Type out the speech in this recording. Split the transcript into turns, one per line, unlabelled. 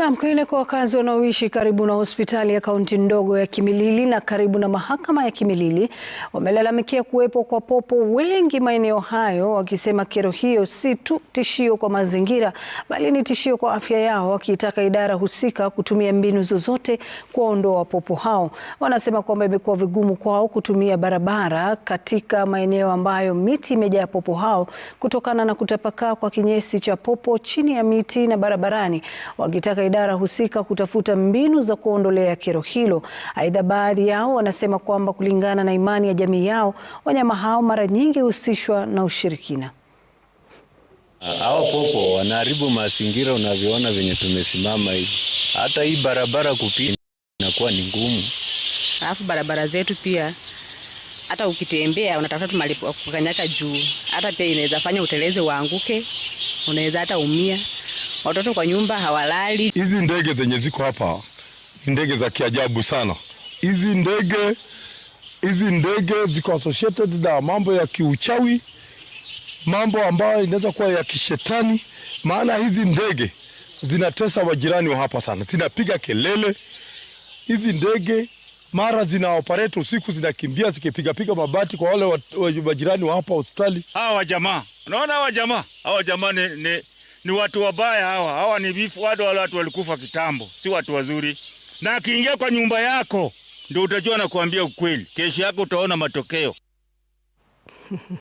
Naam, Kwele, kwa wakazi wanaoishi karibu na hospitali ya kaunti ndogo ya Kimilili na karibu na mahakama ya Kimilili wamelalamikia kuwepo kwa popo wengi maeneo hayo, wakisema kero hiyo si tu tishio kwa mazingira bali ni tishio kwa afya yao, wakitaka idara husika kutumia mbinu zozote kuwaondoa popo hao. Wanasema kwamba imekuwa vigumu kwao kutumia barabara katika maeneo ambayo miti imejaa popo hao kutokana na kutapakaa kwa kinyesi cha popo chini ya miti na barabarani, wakitaka idara husika kutafuta mbinu za kuondolea kero hilo. Aidha, baadhi yao wanasema kwamba kulingana na imani ya jamii yao, wanyama hao mara nyingi husishwa na ushirikina.
Hawa popo wanaharibu mazingira, unavyoona venye tumesimama hivi, hata hii barabara kupita inakuwa ni ngumu,
alafu barabara zetu pia hata ukitembea unatafuta tu mahali kukanyaka juu, hata pia inaweza fanya utelezi waanguke, unaweza hata umia watoto kwa nyumba hawalali.
Hizi ndege zenye ziko hapa ni ndege za kiajabu sana. Hizi ndege hizi ndege ziko associated na mambo ya kiuchawi, mambo ambayo inaweza kuwa ya kishetani, maana hizi ndege zinatesa wajirani wa hapa sana, zinapiga kelele. Hizi ndege mara zina operate usiku, zinakimbia zikipigapiga mabati kwa wale majirani wa hapa hospitali.
Hawa jamaa, unaona hawa jamaa, hawa jamaa ni, ni ni watu wabaya hawa. Hawa ni vifu, watu wale watu walikufa kitambo, si watu wazuri. Na akiingia kwa nyumba yako ndio utajua na kuambia ukweli. Kesho yako utaona matokeo.